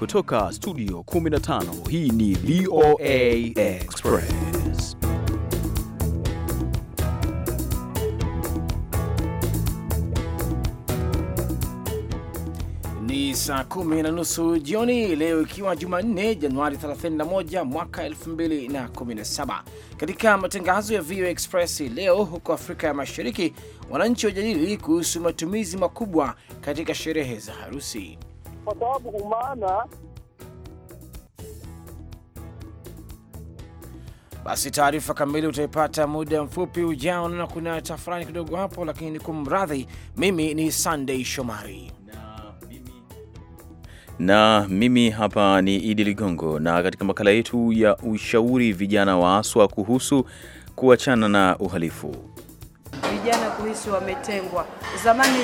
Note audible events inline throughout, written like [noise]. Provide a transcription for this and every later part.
Kutoka studio 15 hii ni VOA Express. Ni saa kumi na nusu jioni leo, ikiwa Jumanne Januari 31 mwaka 2017. Katika matangazo ya VOA Express leo, huko Afrika ya Mashariki wananchi wajadili kuhusu matumizi makubwa katika sherehe za harusi kwa sababu kumana Basi taarifa kamili utaipata muda mfupi ujao. Naona kuna tafurani kidogo hapo, lakini ni kumradhi. Mimi ni Sunday Shomari na mimi, hapa ni Idi Ligongo, na katika makala yetu ya ushauri vijana wa aswa kuhusu kuachana na uhalifu, vijana kuhisi wametengwa zamani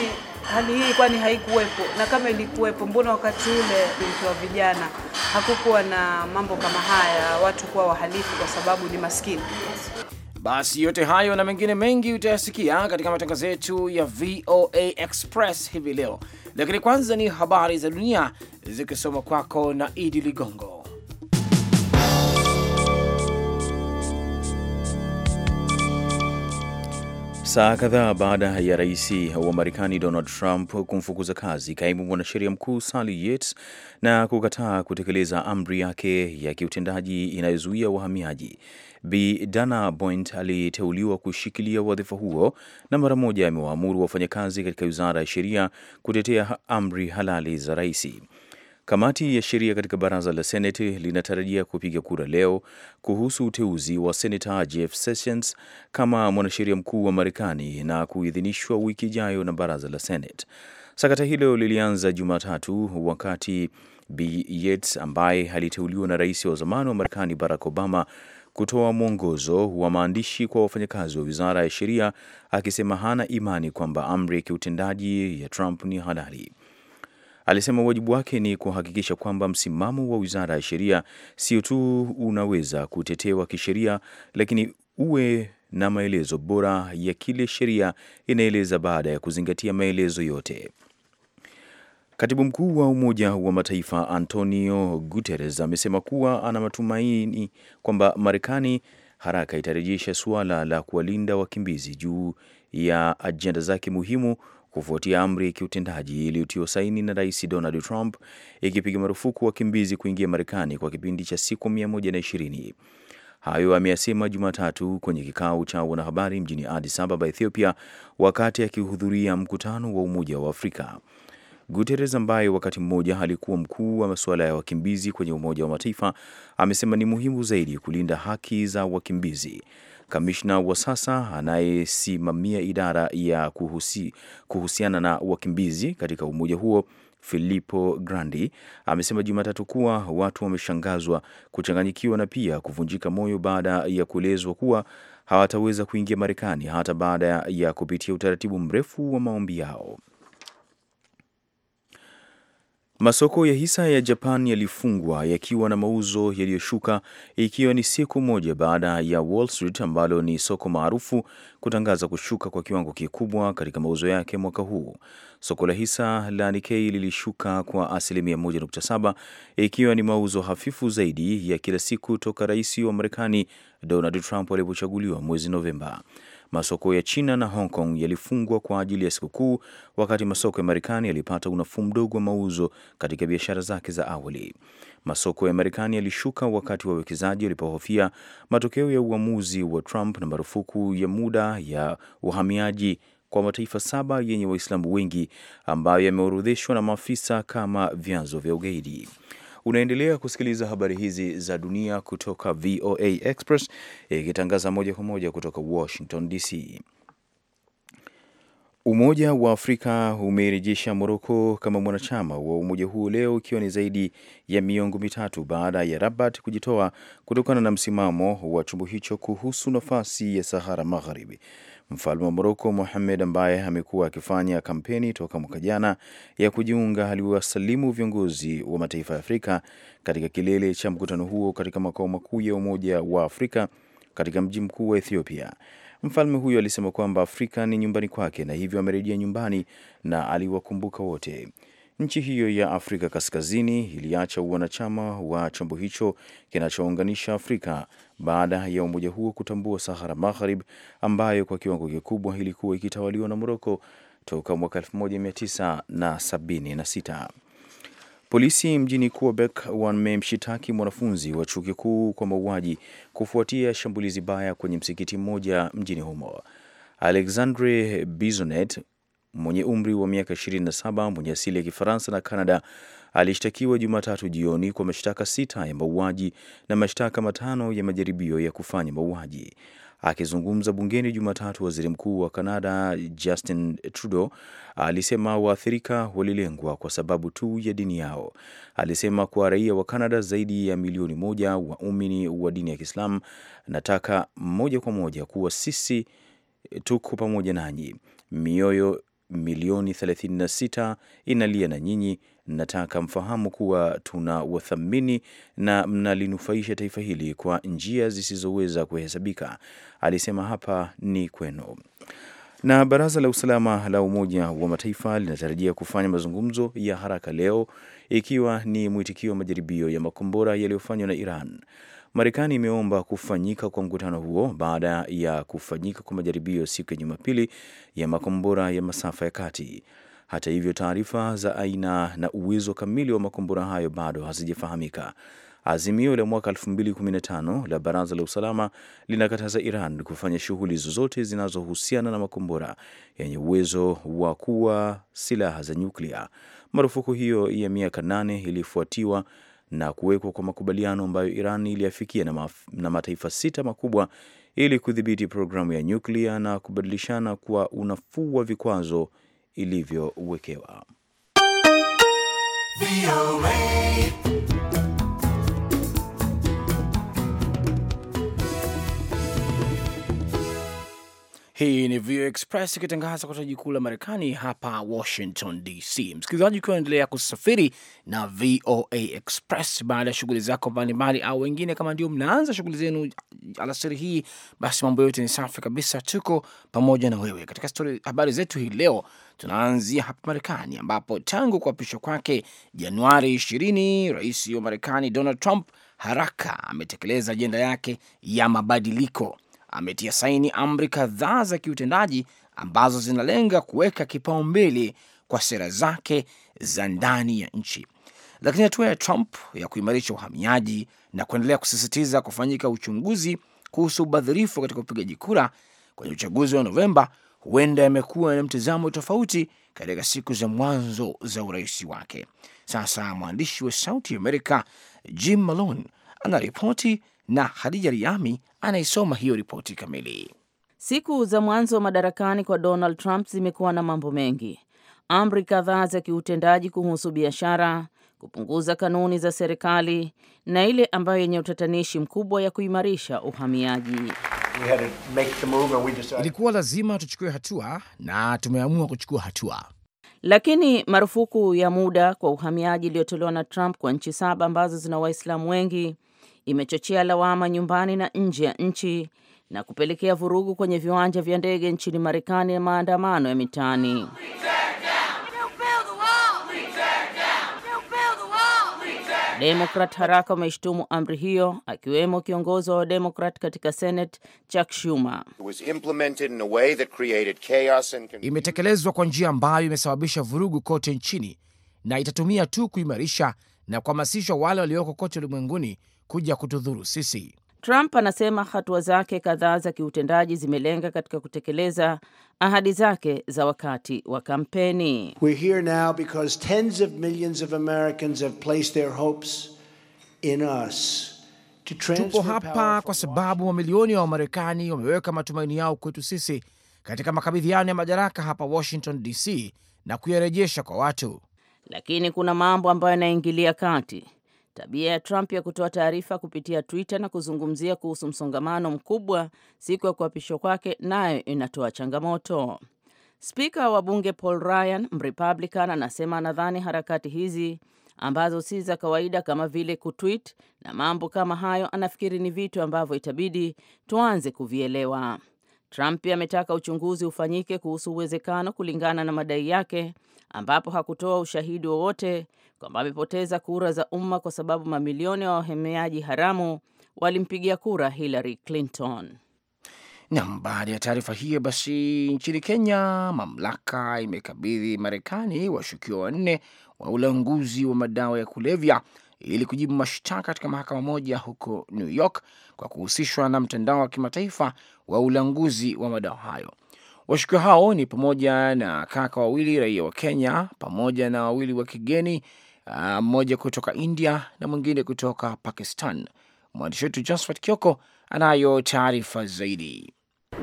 hali hii kwani haikuwepo? Na kama ilikuwepo, mbona wakati ule mkiwa vijana hakukuwa na mambo kama haya, watu kuwa wahalifu kwa sababu ni maskini? Basi yote hayo na mengine mengi utayasikia katika matangazo yetu ya VOA Express hivi leo, lakini kwanza ni habari za dunia zikisoma kwako na Idi Ligongo. Saa kadhaa baada ya rais wa Marekani Donald Trump kumfukuza kazi kaimu mwanasheria mkuu Sally Yates na kukataa kutekeleza amri yake ya kiutendaji inayozuia wahamiaji, Bi Dana Boint aliteuliwa kushikilia wadhifa huo na mara moja amewaamuru wafanyakazi katika wizara ya sheria kutetea amri halali za raisi Kamati ya sheria katika baraza la Seneti linatarajia kupiga kura leo kuhusu uteuzi wa senata Jeff Sessions kama mwanasheria mkuu wa Marekani na kuidhinishwa wiki ijayo na baraza la Senate. Sakata hilo lilianza Jumatatu wakati B. Yates ambaye aliteuliwa na rais wa zamani wa Marekani Barack Obama kutoa mwongozo wa maandishi kwa wafanyakazi wa wizara ya sheria akisema hana imani kwamba amri ya kiutendaji ya Trump ni halali. Alisema wajibu wake ni kuhakikisha kwamba msimamo wa Wizara ya Sheria sio tu unaweza kutetewa kisheria, lakini uwe na maelezo bora ya kile sheria inaeleza baada ya kuzingatia maelezo yote. Katibu mkuu wa Umoja wa Mataifa Antonio Guterres amesema kuwa ana matumaini kwamba Marekani haraka itarejesha suala la kuwalinda wakimbizi juu ya ajenda zake muhimu kufuatia amri ya kiutendaji iliyotiwa saini na Rais Donald Trump ikipiga marufuku wakimbizi kuingia Marekani kwa kipindi cha siku 120. Hayo ameyasema Jumatatu kwenye kikao cha wanahabari mjini Addis Ababa, Ethiopia, wakati akihudhuria mkutano wa Umoja wa Afrika. Guterres ambaye wakati mmoja alikuwa mkuu wa masuala ya wakimbizi kwenye Umoja wa Mataifa amesema ni muhimu zaidi kulinda haki za wakimbizi Kamishna wa sasa anayesimamia idara ya kuhusi, kuhusiana na wakimbizi katika umoja huo Filippo Grandi amesema Jumatatu kuwa watu wameshangazwa, kuchanganyikiwa na pia kuvunjika moyo baada ya kuelezwa kuwa hawataweza kuingia Marekani hata baada ya kupitia utaratibu mrefu wa maombi yao. Masoko ya hisa ya Japan yalifungwa yakiwa na mauzo yaliyoshuka ikiwa ni siku moja baada ya Wall Street ambalo ni soko maarufu kutangaza kushuka kwa kiwango kikubwa katika mauzo yake mwaka huu. Soko la hisa la Nikkei lilishuka kwa asilimia 1.7 ikiwa ni mauzo hafifu zaidi ya kila siku toka rais wa Marekani Donald Trump alipochaguliwa mwezi Novemba. Masoko ya China na Hong Kong yalifungwa kwa ajili ya sikukuu, wakati masoko ya Marekani yalipata unafuu mdogo wa mauzo katika biashara zake za awali. Masoko ya Marekani yalishuka wakati wawekezaji walipohofia matokeo ya uamuzi wa Trump na marufuku ya muda ya uhamiaji kwa mataifa saba yenye Waislamu wengi ambayo yameorodheshwa na maafisa kama vyanzo vya ugaidi. Unaendelea kusikiliza habari hizi za dunia kutoka VOA Express ikitangaza moja kwa moja kutoka Washington DC. Umoja wa Afrika umerejesha Moroko kama mwanachama wa umoja huo leo, ikiwa ni zaidi ya miongo mitatu baada ya Rabat kujitoa kutokana na msimamo wa chombo hicho kuhusu nafasi ya Sahara Magharibi. Mfalme wa Moroko Mohamed, ambaye amekuwa akifanya kampeni toka mwaka jana ya kujiunga, aliwasalimu viongozi wa mataifa ya Afrika katika kilele cha mkutano huo katika makao makuu ya Umoja wa Afrika katika mji mkuu wa Ethiopia. Mfalme huyo alisema kwamba Afrika ni nyumbani kwake na hivyo amerejea nyumbani na aliwakumbuka wote. Nchi hiyo ya Afrika Kaskazini iliacha uanachama wa chombo hicho kinachounganisha Afrika baada ya umoja huo kutambua Sahara Magharib ambayo kwa kiwango kikubwa ilikuwa ikitawaliwa na Moroko toka mwaka 1976. Polisi mjini Quebec wamemshitaki mwanafunzi wa chuo kikuu kwa mauaji kufuatia shambulizi baya kwenye msikiti mmoja mjini humo. Alexandre Bisonet mwenye umri wa miaka 27 mwenye asili ya Kifaransa na Kanada alishtakiwa Jumatatu jioni kwa mashtaka sita ya mauaji na mashtaka matano ya majaribio ya kufanya mauaji. Akizungumza bungeni Jumatatu, waziri mkuu wa Kanada Justin Trudeau alisema waathirika walilengwa kwa sababu tu ya dini yao. Alisema kwa raia wa Kanada zaidi ya milioni moja waumini wa dini ya Kiislamu, nataka moja kwa moja kuwa sisi tuko pamoja nanyi, mioyo milioni 36 inalia na nyinyi. Nataka mfahamu kuwa tuna wathamini na mnalinufaisha taifa hili kwa njia zisizoweza kuhesabika, alisema. Hapa ni kwenu. Na baraza la usalama la Umoja wa Mataifa linatarajia kufanya mazungumzo ya haraka leo, ikiwa ni mwitikio wa majaribio ya makombora yaliyofanywa na Iran. Marekani imeomba kufanyika kwa mkutano huo baada ya kufanyika kwa majaribio siku ya Jumapili ya makombora ya masafa ya kati. Hata hivyo, taarifa za aina na uwezo kamili wa makombora hayo bado hazijafahamika. Azimio la mwaka 2015 la Baraza la Usalama linakataza Iran kufanya shughuli zozote zinazohusiana na makombora yenye uwezo wa kuwa silaha za nyuklia. Marufuku hiyo ya miaka nane ilifuatiwa na kuwekwa kwa makubaliano ambayo Iran iliafikia na, na mataifa sita makubwa ili kudhibiti programu ya nyuklia na kubadilishana kwa unafuu wa vikwazo ilivyowekewa. Hii ni VOA Express ikitangaza kutoka jikuu la Marekani hapa Washington DC. Msikilizaji, ukiwa endelea kusafiri na VOA Express baada ya shughuli zako mbalimbali, au wengine kama ndio mnaanza shughuli zenu alasiri hii, basi mambo yote ni safi kabisa, tuko pamoja na wewe katika stori. habari zetu hii leo. Tunaanzia hapa Marekani ambapo tangu kuapishwa kwake Januari 20 rais wa Marekani Donald Trump haraka ametekeleza ajenda yake ya mabadiliko ametia saini amri kadhaa za kiutendaji ambazo zinalenga kuweka kipaumbele kwa sera zake za ndani ya nchi. Lakini hatua ya Trump ya kuimarisha uhamiaji na kuendelea kusisitiza kufanyika uchunguzi kuhusu ubadhirifu katika upigaji kura kwenye uchaguzi wa Novemba huenda yamekuwa na mtazamo tofauti katika siku za mwanzo za urais wake. Sasa mwandishi wa Sauti Amerika Jim Malone anaripoti na Hadija Riami anayesoma hiyo ripoti kamili. Siku za mwanzo madarakani kwa Donald Trump zimekuwa na mambo mengi, amri kadhaa za kiutendaji kuhusu biashara, kupunguza kanuni za serikali na ile ambayo yenye utatanishi mkubwa ya kuimarisha uhamiaji. ilikuwa lazima tuchukue hatua na tumeamua kuchukua hatua. Lakini marufuku ya muda kwa uhamiaji iliyotolewa na Trump kwa nchi saba ambazo zina Waislamu wengi imechochea lawama nyumbani na nje ya nchi na kupelekea vurugu kwenye viwanja vya ndege nchini Marekani na maandamano ya mitaani. Demokrat haraka wameshtumu amri hiyo, akiwemo kiongozi wa Demokrat katika Senate Chuck Schumer. Imetekelezwa kwa njia ambayo imesababisha vurugu kote nchini na itatumia tu kuimarisha na kuhamasishwa wale walioko kote ulimwenguni kuja kutudhuru sisi. Trump anasema hatua zake kadhaa za kiutendaji zimelenga katika kutekeleza ahadi zake za wakati wa kampeni. We're here now because tens of millions of Americans have placed their hopes in us. Tupo hapa kwa sababu mamilioni ya Wamarekani wameweka matumaini yao kwetu sisi katika makabidhiano ya madaraka hapa Washington DC na kuyarejesha kwa watu, lakini kuna mambo ambayo yanaingilia kati. Tabia ya Trump ya kutoa taarifa kupitia Twitter na kuzungumzia kuhusu msongamano mkubwa siku ya kuapishwa kwake nayo inatoa changamoto. Spika wa bunge Paul Ryan Mrepublican anasema anadhani harakati hizi ambazo si za kawaida kama vile kutwit na mambo kama hayo, anafikiri ni vitu ambavyo itabidi tuanze kuvielewa. Trump ametaka uchunguzi ufanyike kuhusu uwezekano, kulingana na madai yake, ambapo hakutoa ushahidi wowote kwamba amepoteza kura za umma kwa sababu mamilioni ya wa wahamiaji haramu walimpigia kura Hillary Clinton. Nam, baada ya taarifa hiyo, basi nchini Kenya mamlaka imekabidhi Marekani washukiwa wanne wa ulanguzi wa madawa ya kulevya ili kujibu mashtaka katika mahakama moja huko New York kwa kuhusishwa na mtandao wa kimataifa wa ulanguzi wa madawa hayo. Washukiwa hao ni pamoja na kaka wawili raia wa Kenya pamoja na wawili wa kigeni Ah, mmoja kutoka India na mwingine kutoka Pakistan. Mwandishi wetu Josphat Kioko anayo taarifa zaidi.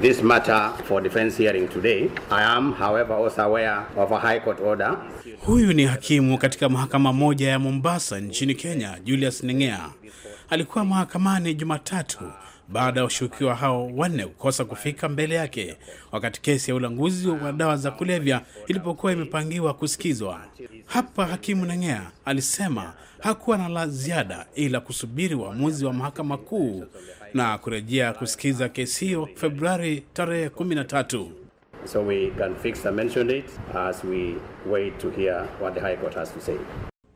This matter for defense hearing today. I am, however, also aware of a high court order. Huyu ni hakimu katika mahakama moja ya Mombasa nchini Kenya, Julius Nengea. Alikuwa mahakamani Jumatatu baada ya washukiwa hao wanne kukosa kufika mbele yake wakati kesi ya ulanguzi wa dawa za kulevya ilipokuwa imepangiwa kusikizwa. Hapa hakimu Neng'ea alisema hakuwa na la ziada ila kusubiri uamuzi wa, wa mahakama kuu na kurejea kusikiza kesi hiyo Februari tarehe 13. So we can fix the mention date as we wait to hear what the High Court has to say.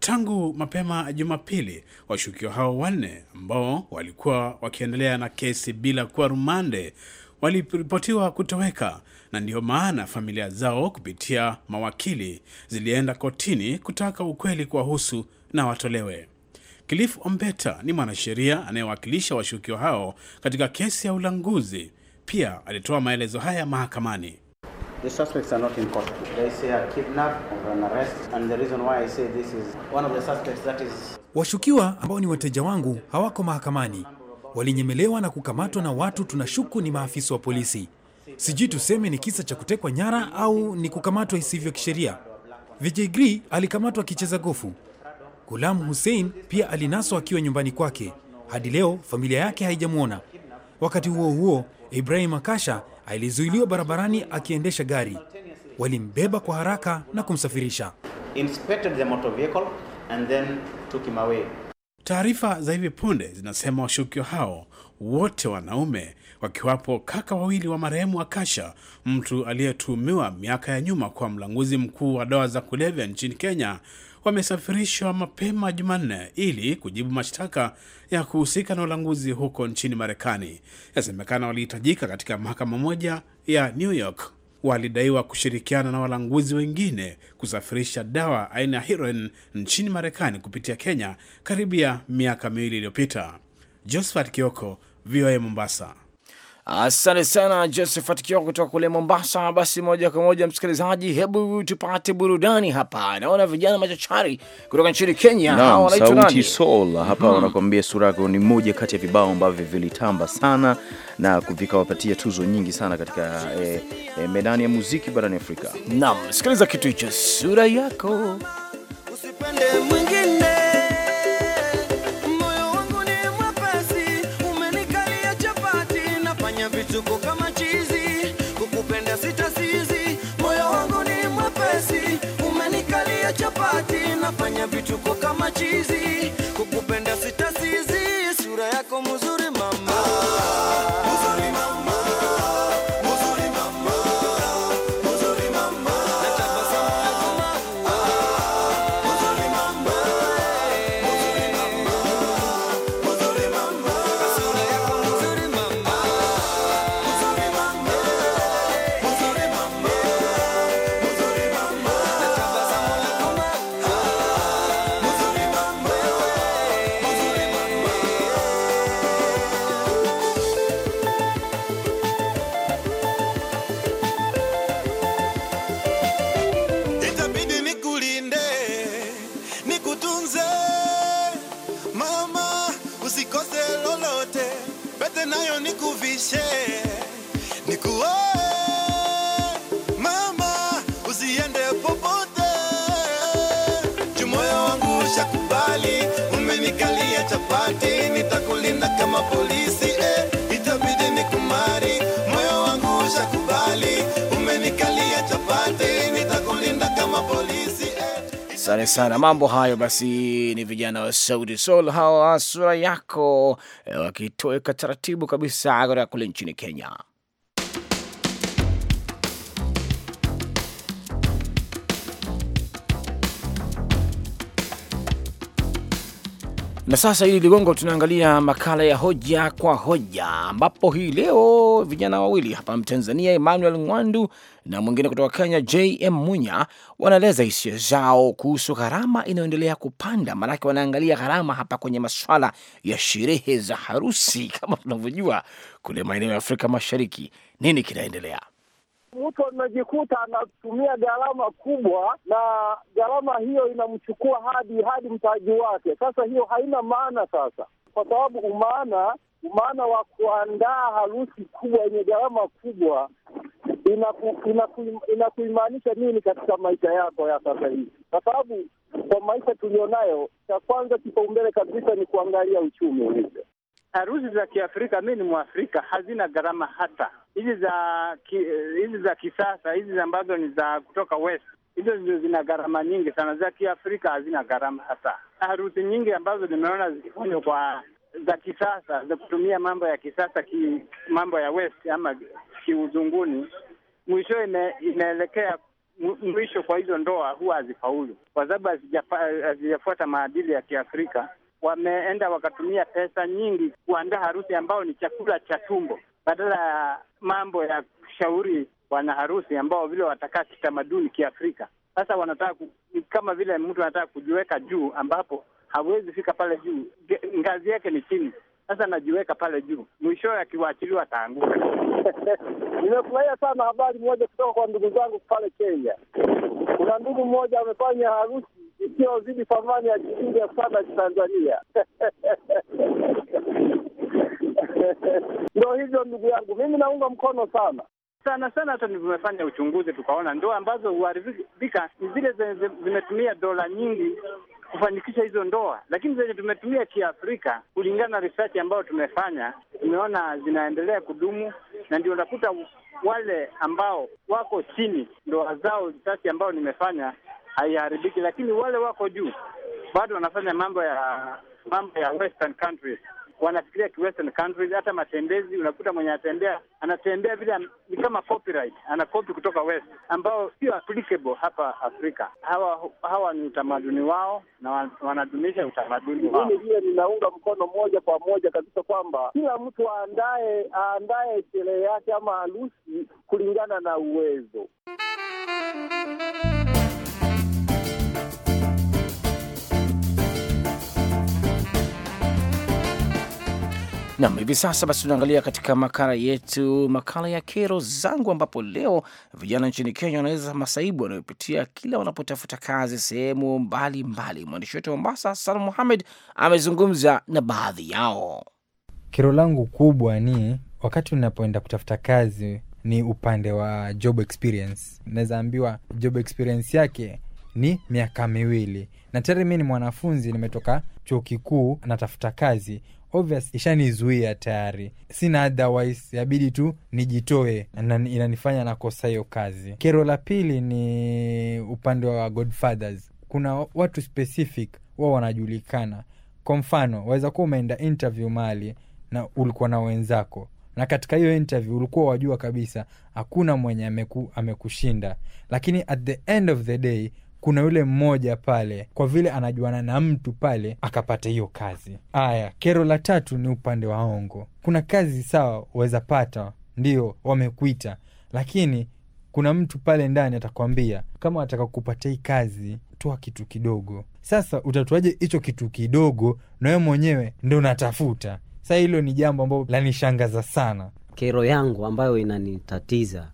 Tangu mapema Jumapili, washukiwa hao wanne ambao walikuwa wakiendelea na kesi bila kuwa rumande waliripotiwa kutoweka, na ndiyo maana familia zao kupitia mawakili zilienda kotini kutaka ukweli kuwahusu na watolewe. Cliff Ombeta ni mwanasheria anayewakilisha washukiwa hao katika kesi ya ulanguzi. Pia alitoa maelezo haya mahakamani. The suspects are not in court. They say a kidnap or an arrest and the reason why I say this is one of the suspects that is... Washukiwa ambao ni wateja wangu hawako mahakamani, walinyemelewa na kukamatwa na watu tunashuku ni maafisa wa polisi. Sijui tuseme ni kisa cha kutekwa nyara au ni kukamatwa isivyo kisheria. Vijay Gri alikamatwa akicheza gofu. Gulam Hussein pia alinaswa akiwa nyumbani kwake. Hadi leo familia yake haijamwona. Wakati huo huo, Ibrahim Akasha alizuiliwa barabarani akiendesha gari. Walimbeba kwa haraka na kumsafirisha. Taarifa za hivi punde zinasema washukiwa hao wote wanaume, wakiwapo kaka wawili wa marehemu Akasha, mtu aliyetuhumiwa miaka ya nyuma kwa mlanguzi mkuu wa dawa za kulevya nchini Kenya, wamesafirishwa mapema Jumanne ili kujibu mashtaka ya kuhusika na ulanguzi huko nchini Marekani. Yasemekana walihitajika katika mahakama moja ya New York. Walidaiwa kushirikiana na walanguzi wengine kusafirisha dawa aina ya heroin nchini Marekani kupitia Kenya karibu ya miaka miwili iliyopita. Josephat Kioko, VOA Mombasa. Asante sana Josephat Kioko kutoka kule Mombasa. Basi moja kwa moja, msikilizaji, hebu tupate burudani hapa. Naona vijana machachari kutoka nchini Kenya na Sauti soul hapa hmm. wanakuambia hmm. Sura yako ni moja kati ya vibao ambavyo vilitamba sana na vikawapatia tuzo nyingi sana katika eh, eh, medani ya muziki barani Afrika. Naam, sikiliza kitu hicho, sura yako Usipende Come on, Asante sana. Mambo hayo basi, ni vijana wa Saudi Soul hawa, sura yako eh, wakitoweka taratibu kabisa kutoka kule nchini Kenya. Na sasa hili ligongo, tunaangalia makala ya hoja kwa hoja, ambapo hii leo vijana wawili hapa Mtanzania, Emmanuel Ngwandu na mwingine kutoka Kenya, JM Munya, wanaeleza hisia zao kuhusu gharama inayoendelea kupanda. Maanake wanaangalia gharama hapa kwenye maswala ya sherehe za harusi. [laughs] Kama tunavyojua kule maeneo ya Afrika Mashariki, nini kinaendelea? mtu amejikuta anatumia gharama kubwa, na gharama hiyo inamchukua hadi hadi mtaji wake. Sasa hiyo haina maana sasa, kwa sababu umaana umaana wa kuandaa harusi kubwa yenye gharama kubwa inakuimaanisha nini katika maisha yako ya sasa hivi? Kwa sababu kwa maisha tulionayo cha kwanza kipaumbele kabisa ni kuangalia uchumi ulivyo. Harusi za Kiafrika, mi ni Mwafrika, hazina gharama hata hizi za eh, hizi za kisasa hizi ambazo ni za kutoka West, hizo ndio zina gharama nyingi sana. Za Kiafrika hazina gharama hasa. Harusi nyingi ambazo nimeona zikifanywa kwa za kisasa za kutumia mambo ya kisasa ki, mambo ya West ama kiuzunguni, mwisho ime, imeelekea mwisho kwa hizo ndoa huwa hazifaulu kwa sababu hazijafuata maadili ya Kiafrika. Wameenda wakatumia pesa nyingi kuandaa harusi ambao ni chakula cha tumbo badala ya mambo ya kushauri wanaharusi ambao vile watakaa kitamaduni kiafrika. Sasa wanataka kama vile mtu anataka kujiweka juu ambapo hawezi fika pale juu, ngazi yake ni chini. Sasa anajiweka pale juu, mwishowe akiwaachiliwa ataanguka. [laughs] Nimefurahia sana habari moja kutoka kwa ndugu zangu pale Kenya. Kuna ndugu mmoja amefanya harusi isiyozidi thamani ya shilingi elfu saba ya Kitanzania. [laughs] [laughs] Ndo hivyo ndugu yangu, mimi naunga mkono sana sana sana. Hata tumefanya uchunguzi tukaona ndoa ambazo huharibika ni zile zenye zimetumia dola nyingi kufanikisha hizo ndoa, lakini zenye tumetumia kiafrika, kulingana na research ambayo tumefanya, tumeona zinaendelea kudumu, na ndio unakuta wale ambao wako chini, ndoa zao research ambayo nimefanya haiharibiki, lakini wale wako juu bado wanafanya mambo ya mambo ya western countries wanafikiria ki western countries. Hata matembezi unakuta mwenye anatembea anatembea vile ni kama copyright, ana copy kutoka west, ambao sio applicable hapa Afrika. Hawa hawa ni utamaduni wao na wanadumisha utamaduni wao. Mimi vile ninaunga mkono moja kwa moja kabisa kwamba kila mtu aandae aandae sherehe yake ama harusi kulingana na uwezo Nam, hivi sasa basi tunaangalia katika makala yetu, makala ya kero zangu, ambapo leo vijana nchini Kenya wanaweza masaibu wanayopitia kila wanapotafuta kazi sehemu mbalimbali. Mwandishi wetu wa Mombasa, Salum Muhamed, amezungumza na baadhi yao. Kero langu kubwa ni wakati unapoenda kutafuta kazi ni upande wa job experience. Naweza ambiwa job experience yake ni miaka miwili na tayari mi ni mwanafunzi, nimetoka chuo kikuu, natafuta kazi obvious ishanizuia tayari, sina otherwise, yabidi tu nijitoe na inanifanya nakosa hiyo kazi. Kero la pili ni upande wa Godfathers, kuna watu specific wao wanajulikana. Kwa mfano, waweza kuwa umeenda interview mali na ulikuwa na wenzako na katika hiyo interview ulikuwa wajua kabisa hakuna mwenye ameku, amekushinda, lakini at the end of the day kuna yule mmoja pale, kwa vile anajuana na mtu pale, akapata hiyo kazi. Aya, kero la tatu ni upande wa ongo Kuna kazi sawa, waweza pata, ndio wamekuita, lakini kuna mtu pale ndani atakwambia kama wataka kupata hii kazi, toa kitu kidogo. Sasa utatuaje hicho kitu kidogo na wewe mwenyewe ndo unatafuta? Sa hilo ni jambo ambayo lanishangaza sana. Kero yangu ambayo inanitatiza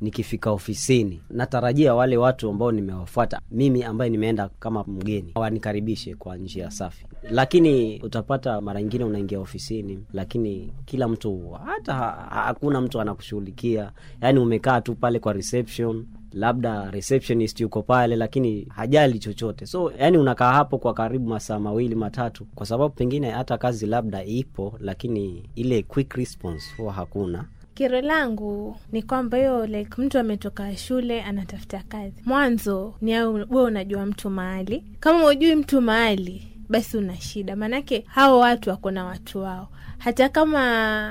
nikifika ofisini natarajia wale watu ambao nimewafuata mimi ambaye nimeenda kama mgeni wanikaribishe kwa njia safi, lakini utapata mara nyingine unaingia ofisini, lakini kila mtu hata hakuna mtu anakushughulikia, yaani umekaa tu pale kwa reception labda receptionist yuko pale lakini hajali chochote, so yani unakaa hapo kwa karibu masaa mawili matatu, kwa sababu pengine hata kazi labda ipo, lakini ile quick response huwa hakuna. Kero langu ni kwamba hiyo like mtu ametoka shule anatafuta kazi, mwanzo ni we unajua mtu mahali. Kama ujui mtu mahali, basi una shida, maanake hao watu wako na watu wao. Hata kama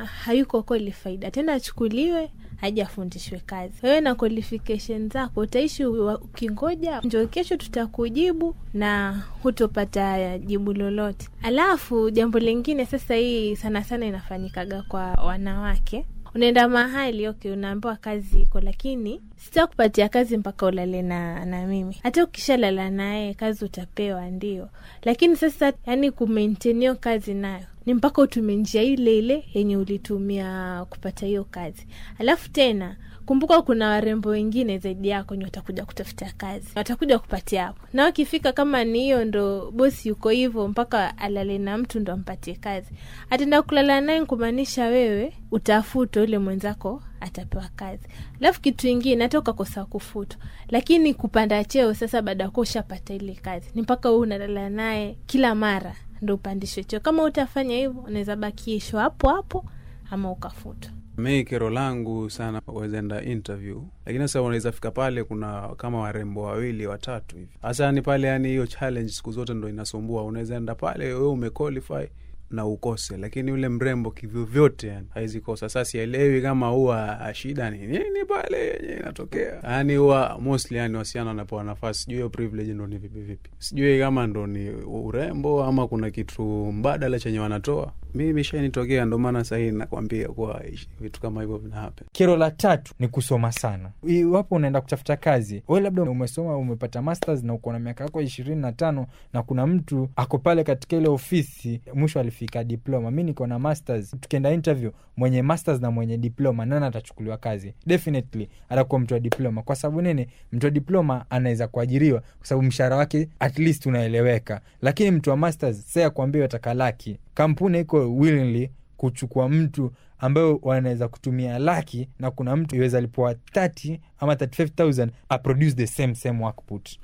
hayuko qualified, tena, achukuliwe hajafundishwe kazi. Wewe na qualification zako utaishi ukingoja, njo kesho tutakujibu na hutopata jibu lolote. Alafu jambo lingine sasa, hii sana sana inafanyikaga kwa wanawake, unaenda mahali ok unaambiwa kazi iko, lakini sitakupatia kazi mpaka ulale na, na mimi. Hata ukishalala naye kazi utapewa, ndio, lakini sasa yani kumaintenio kazi nayo ni mpaka utumie njia ile ile yenye ulitumia kupata hiyo kazi, alafu tena kumbuka kuna warembo wengine zaidi yako wenye watakuja kutafutia kazi, watakuja kupatia hapo, na wakifika, kama ni hiyo ndo bosi yuko hivyo mpaka alale na mtu ndo ampatie kazi, atenda kulala naye, kumaanisha wewe utafutwa, ule mwenzako atapewa kazi. Alafu kitu ingine, hata ukakosa kufutwa, lakini kupanda cheo sasa, baada ya kuwa ushapata ile kazi, ni mpaka huu unalala naye kila mara ndo upandishwe cheo. Kama utafanya hivyo, unaweza bakiishwa hapo hapo ama ukafutwa mi kero langu sana wezenda interview, lakini sasa unaweza fika pale, kuna kama warembo wawili watatu hivi. Hasa ni pale, yani hiyo challenge siku zote ndo inasumbua. Unaweza enda pale wewe umequalify na ukose, lakini yule mrembo kivyovyote yani hawezi kosa. Sasa sielewi kama huwa shida ni nini pale yenye inatokea, yani huwa mostly yani wasichana wanapewa nafasi, sijui hiyo privilege ndo ni vipi vipi, sijui kama ndo ni urembo ama kuna kitu mbadala chenye wanatoa mimi ishanitokea, ndo maana sahii nakwambia kuwa vitu kama hivyo vinahape Kero la tatu ni kusoma sana. Iwapo unaenda kutafuta kazi, we labda umesoma umepata masters na uko na miaka yako ishirini na tano na kuna mtu ako pale katika ile ofisi, mwisho alifika diploma, mi niko na masters, tukienda interview, mwenye masters na mwenye diploma, nana atachukuliwa kazi? Definitely atakuwa mtu wa diploma. Kwa sababu nini? Mtu wa diploma anaweza kuajiriwa kwa sababu mshahara wake at least unaeleweka, lakini mtu wa masters, sasa kuambiwa atakalaki kampuni iko willingly kuchukua mtu ambayo wanaweza kutumia laki na kuna mtu iweza lipoa 30 ama 35000 aproduce the same same workput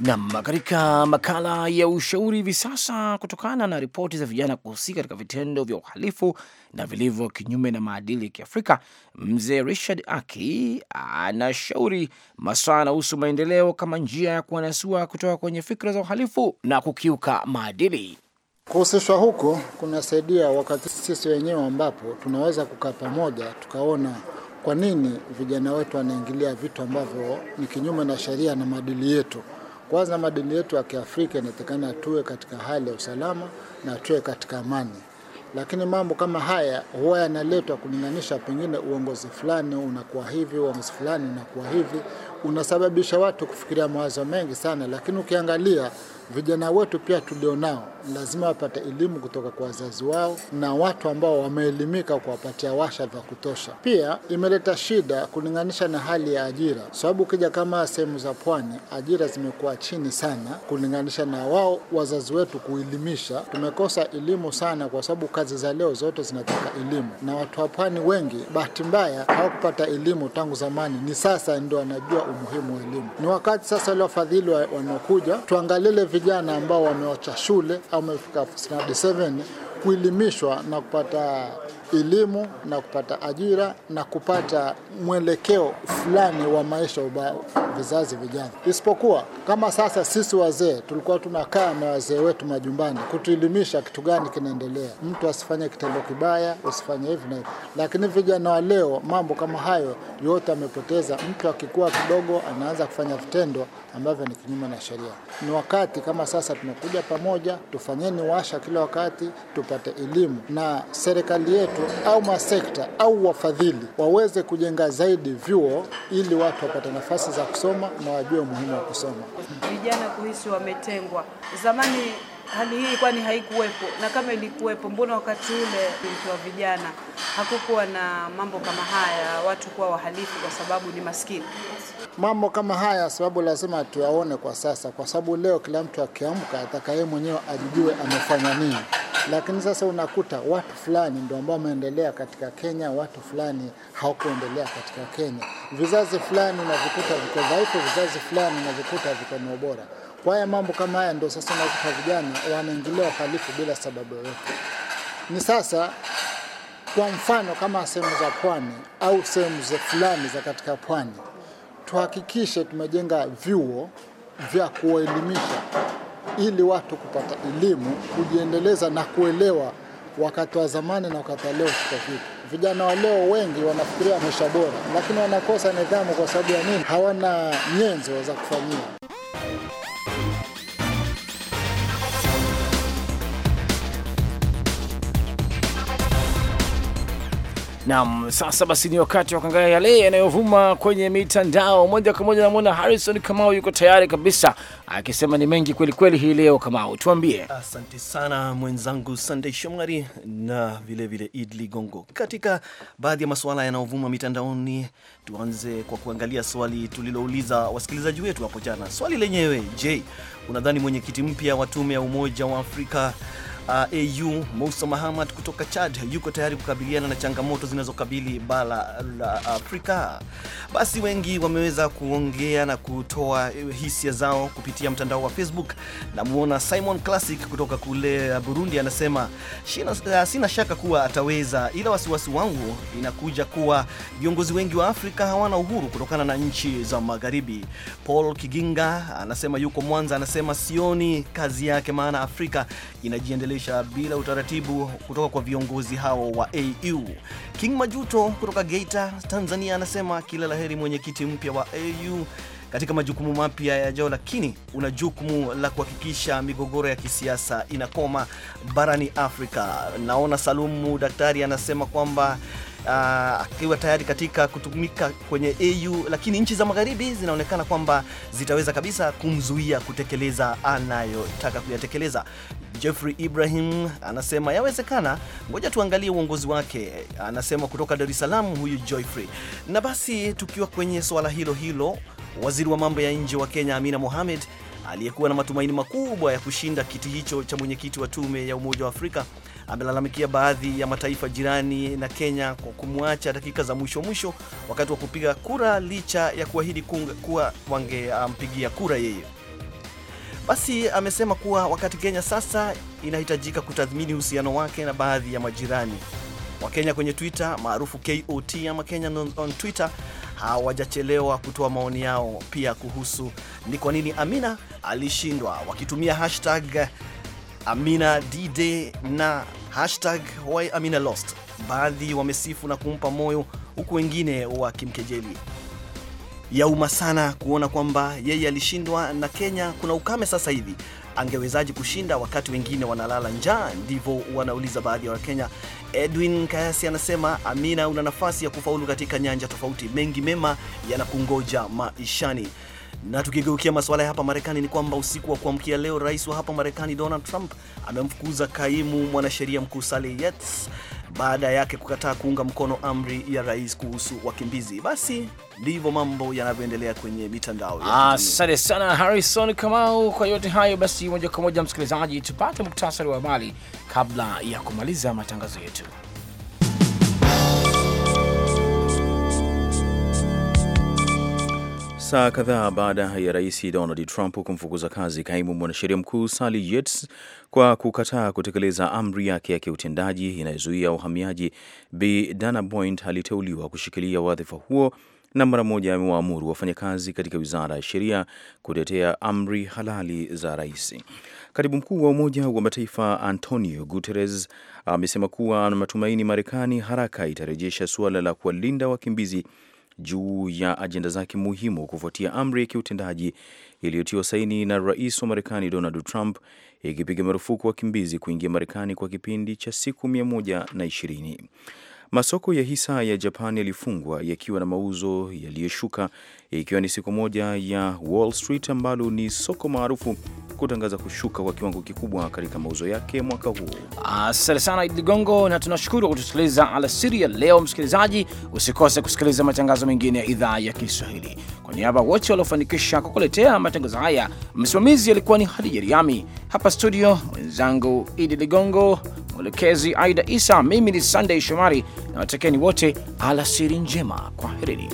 Nam, katika makala ya ushauri hivi sasa, kutokana na ripoti za vijana kuhusika katika vitendo vya uhalifu na vilivyo kinyume na maadili ya Kiafrika, mzee Richard Aki anashauri maswala yanahusu maendeleo kama njia ya kuwanasua kutoka kwenye fikra za uhalifu na kukiuka maadili. Kuhusishwa huko kunasaidia wakati sisi wenyewe ambapo tunaweza kukaa pamoja tukaona kwa nini vijana wetu wanaingilia vitu ambavyo ni kinyume na sheria na maadili yetu kwanza, madini yetu ya Kiafrika inatakana tuwe katika hali ya usalama na tuwe katika amani, lakini mambo kama haya huwa yanaletwa kulinganisha, pengine uongozi fulani unakuwa hivi, uongozi fulani unakuwa hivi unasababisha watu kufikiria mawazo mengi sana, lakini ukiangalia vijana wetu pia tulionao lazima wapate elimu kutoka kwa wazazi wao na watu ambao wameelimika kuwapatia washa za kutosha. Pia imeleta shida kulinganisha na hali ya ajira, sababu ukija kama sehemu za pwani ajira zimekuwa chini sana kulinganisha na wao wazazi wetu kuelimisha. Tumekosa elimu sana, kwa sababu kazi za leo zote zinataka elimu, na watu wa pwani wengi bahati mbaya hawakupata elimu tangu zamani, ni sasa ndio wanajua umuhimu wa elimu. Ni wakati sasa wale wafadhili wanaokuja tuangalile vijana ambao wamewacha shule au wamefika 7 kuelimishwa na kupata elimu na kupata ajira na kupata mwelekeo fulani wa maisha wa vizazi vijana. Isipokuwa kama sasa sisi wazee tulikuwa tunakaa na wazee wetu majumbani kutuelimisha kitu gani kinaendelea, mtu asifanye kitendo kibaya, usifanye hivi na hivi. Lakini vijana wa leo mambo kama hayo yote amepoteza. Mtu akikuwa kidogo anaanza kufanya vitendo ambavyo ni kinyume na sheria. Ni wakati kama sasa tumekuja pamoja, tufanyeni washa kila wakati tupa wapate elimu, na serikali yetu au masekta au wafadhili waweze kujenga zaidi vyuo ili watu wapate nafasi za kusoma na wajue umuhimu wa kusoma. Vijana kuhisi wametengwa zamani hali hii kwani haikuwepo? Na kama ilikuwepo, mbona wakati ule mkiwa vijana hakukuwa na mambo kama haya, watu kuwa wahalifu kwa sababu ni maskini? Mambo kama haya sababu lazima tuyaone kwa sasa, kwa sababu leo kila mtu akiamka ataka yeye mwenyewe ajijue amefanya nini. Lakini sasa unakuta watu fulani ndio ambao wameendelea katika Kenya, watu fulani hawakuendelea katika Kenya. Vizazi fulani unavikuta viko dhaifu, vizazi fulani unavikuta viko na ubora. Kwa Kwaya mambo kama haya ndio sasa nakuta vijana wanaingilia wahalifu bila sababu yoyote. Ni sasa kwa mfano kama sehemu za pwani au sehemu za fulani za katika pwani, tuhakikishe tumejenga vyuo vya kuwaelimisha ili watu kupata elimu, kujiendeleza na kuelewa wakati wa zamani na wakati wa leo tuko vipi. Vijana wa leo wengi wanafikiria maisha bora, lakini wanakosa nidhamu. Kwa sababu ya nini? Hawana nyenzo za kufanyia. Naam, sasa basi ni wakati wa kuangalia yale yanayovuma kwenye mitandao moja kwa moja. Namwona Harrison Kamau yuko tayari kabisa, akisema ni mengi kweli kweli hii leo. Kamau, tuambie. Asante sana mwenzangu Sunday Shomari na vilevile Id Ligongo. Katika baadhi ya masuala yanayovuma mitandaoni, tuanze kwa kuangalia swali tulilouliza wasikilizaji wetu hapo jana. Swali lenyewe, je, unadhani mwenyekiti mpya wa tume ya Umoja wa Afrika uh, au Moussa Mahamad kutoka Chad yuko tayari kukabiliana na changamoto zinazokabili bara la Afrika. Basi wengi wameweza kuongea na kutoa hisia zao kupitia mtandao wa Facebook. Namuona Simon Classic kutoka kule Burundi anasema sina, uh, sina shaka kuwa ataweza, ila wasiwasi wangu inakuja kuwa viongozi wengi wa Afrika hawana uhuru kutokana na nchi za magharibi. Paul Kiginga anasema yuko Mwanza, anasema sioni kazi yake, maana Afrika inajiendelea kuendesha bila utaratibu kutoka kwa viongozi hao wa AU. King Majuto kutoka Geita, Tanzania anasema kila laheri mwenyekiti mpya wa AU katika majukumu mapya yajao, lakini una jukumu la kuhakikisha migogoro ya kisiasa inakoma barani Afrika. Naona Salumu Daktari anasema kwamba uh, akiwa tayari katika kutumika kwenye AU, lakini nchi za magharibi zinaonekana kwamba zitaweza kabisa kumzuia kutekeleza anayotaka kuyatekeleza. Jeffrey Ibrahim anasema yawezekana, ngoja tuangalie uongozi wake, anasema kutoka Dar es Salaam huyu Joyfrey. Na basi tukiwa kwenye swala hilo hilo, waziri wa mambo ya nje wa Kenya Amina Mohamed aliyekuwa na matumaini makubwa ya kushinda kiti hicho cha mwenyekiti wa tume ya Umoja wa Afrika amelalamikia baadhi ya mataifa jirani na Kenya kwa kumwacha dakika za mwisho mwisho wakati wa kupiga kura licha ya kuahidi kuwa wangempigia kura yeye. Basi amesema kuwa wakati Kenya sasa inahitajika kutathmini uhusiano wake na baadhi ya majirani. Wakenya kwenye Twitter maarufu KOT ama Kenya on Twitter hawajachelewa kutoa maoni yao pia kuhusu ni kwa nini Amina alishindwa, wakitumia hashtag Amina dd na hashtag why Amina lost. Baadhi wamesifu na kumpa moyo, huku wengine wakimkejeli. Yauma sana kuona kwamba yeye alishindwa na Kenya kuna ukame sasa hivi, angewezaji kushinda wakati wengine wanalala njaa? Ndivyo wanauliza baadhi ya Wakenya. Edwin Kayasi anasema Amina, una nafasi ya kufaulu katika nyanja tofauti, mengi mema yanakungoja maishani. Na tukigeukia masuala ya hapa Marekani ni kwamba usiku wa kuamkia leo, rais wa hapa Marekani Donald Trump amemfukuza kaimu mwanasheria mkuu Sally Yates baada yake kukataa kuunga mkono amri ya rais kuhusu wakimbizi. Basi ndivyo mambo yanavyoendelea kwenye mitandao. Asante sana Harrison Kamau kwa yote hayo. Basi moja kwa moja, msikilizaji, tupate muktasari wa habari kabla ya kumaliza matangazo yetu. Saa kadhaa baada ya rais Donald Trump kumfukuza kazi kaimu mwanasheria mkuu Sally Yates kwa kukataa kutekeleza amri yake ya kiutendaji inayozuia uhamiaji, Bi Dana Boyd aliteuliwa kushikilia wadhifa huo na mara moja amewaamuru wafanyakazi katika wizara ya sheria kutetea amri halali za rais. Katibu mkuu wa Umoja wa Mataifa Antonio Guterres amesema kuwa ana matumaini Marekani haraka itarejesha suala la kuwalinda wakimbizi juu ya ajenda zake muhimu kufuatia amri ya kiutendaji iliyotiwa saini na rais wa Marekani Donald Trump ikipiga marufuku wakimbizi kuingia Marekani kwa kipindi cha siku 120. Masoko ya hisa ya Japan yalifungwa yakiwa na mauzo yaliyoshuka, ikiwa ni siku moja ya Wall Street ambalo ni soko maarufu kutangaza kushuka kwa kiwango kikubwa katika mauzo yake mwaka huu. Asante sana Idi Ligongo, na tunashukuru kwa kutusikiliza alasiri ya leo. Msikilizaji, usikose kusikiliza matangazo mengine ya idhaa ya Kiswahili. Kwa niaba wote waliofanikisha kukuletea matangazo haya, msimamizi alikuwa ni Hadija Riami, hapa studio mwenzangu Idi Ligongo mwelekezi Aida Isa, mimi ni Sunday Shomari na watekeni wote alasiri njema, kwaherini.